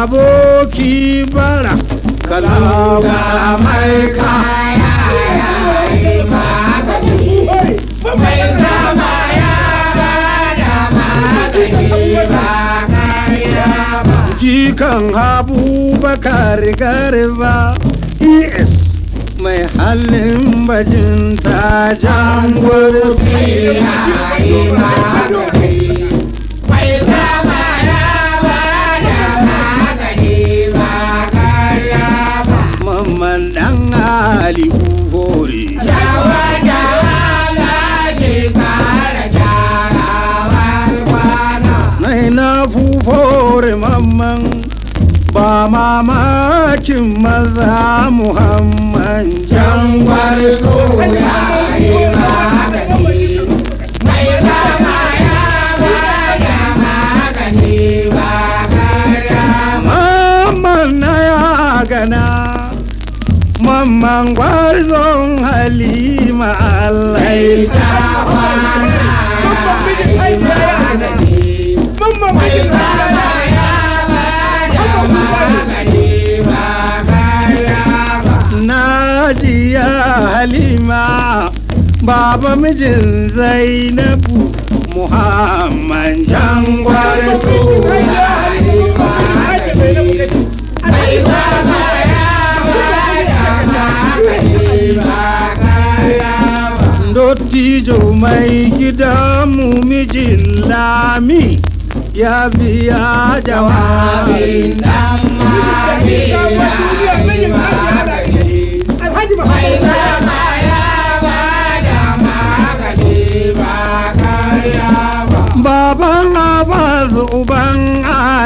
aboki bara kalauga mai kaya yayi magani ya bada magani ba kariya ba jikan abubakar garba es mai halin bajinta jan gurbi yayi magani mamakin maza muhammad jan gwarzo ya yi magani mai zama ya bada magani ba karya mamman na ya gana mamman gwarzon halima allai ya yi magani mai zama hajiya halima baba mijin zainabu muhammad jangwar su halima Dottijo mai gida mu mijin lami ya biya jawabin dan mami.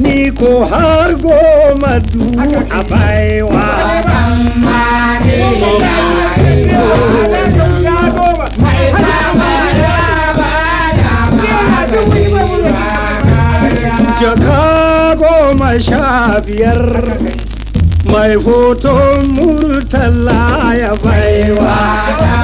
ni ko har goma du a baiwa jaka goma sha biyar mai hoton murtala ya baiwa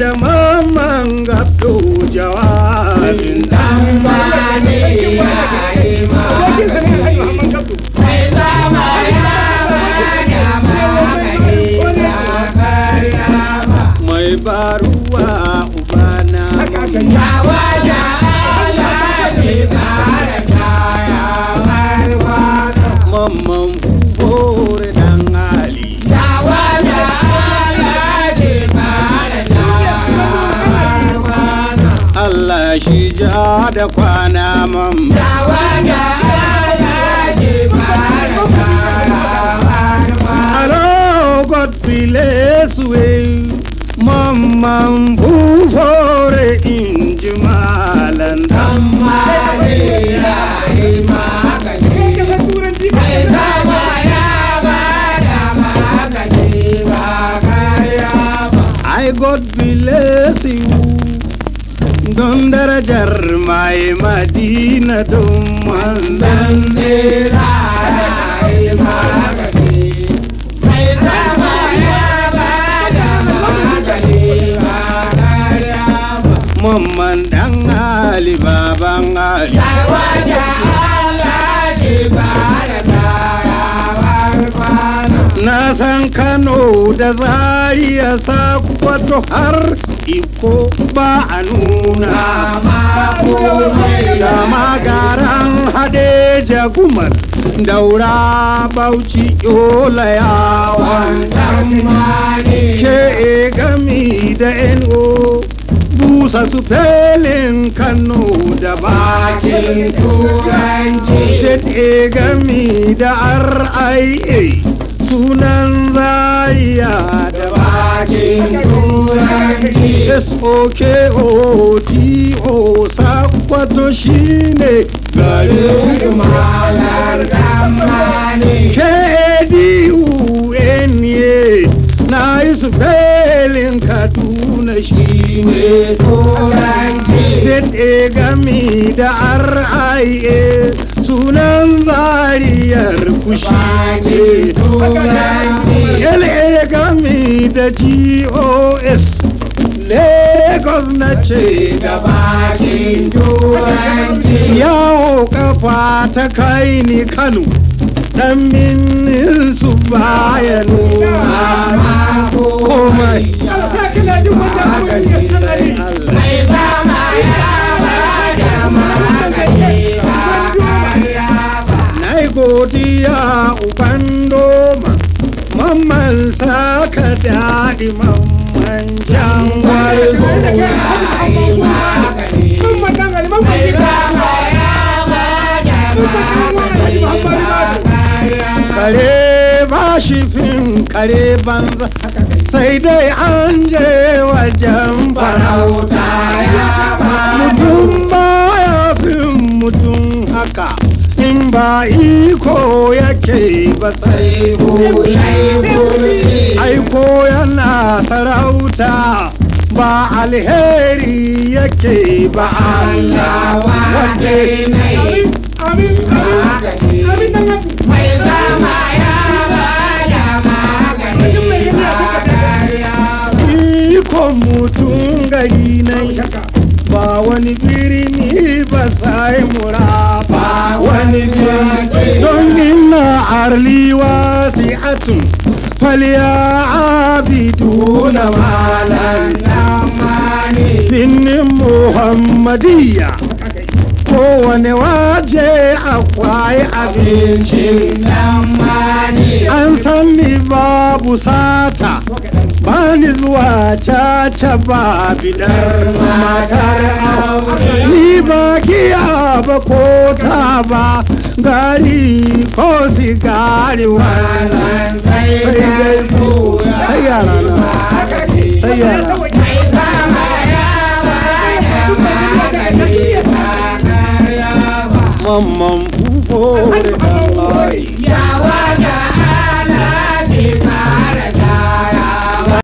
जमा ذلة مذللة kano da zariya sa har iko ba a nuna da magaran haɗe jagumal daura bauchi yola yawon ke gami da no busa su felin kano da bakin turanci ke gami da ria sunan zariya da bakin turanci s o o t o sakwato shine garin malar damani k a d u n na yi su belin kaduna shine turanci Zai gami da r sunan bariyar kushi ne da gos lagos na ce da bakin turanci yawo kafa ta kai ni kano dan min su baya nuna komai diman manjan gwarzo kare ba shi fin kare banza sai dai an je wajen farauta ya ba mutum ba ya fin mutum haka ba iko yake ba sai aiko yana sarauta ba alheri yake ba Allah wanda ne amin amin amin mai zama ya ba da magani ikon mutum gari nai ba wani birni ba sai mura ba wani birni don nina arliwa si'atun faliya na malan zamani binnin muhammadiyya kowane waje akwai abincin nan mani an sanni babu sata bani zuwa caca ba bidar matar aure ni ba giya ba ko ta ba gari ko sigari wannan sai ya sai mama mbore da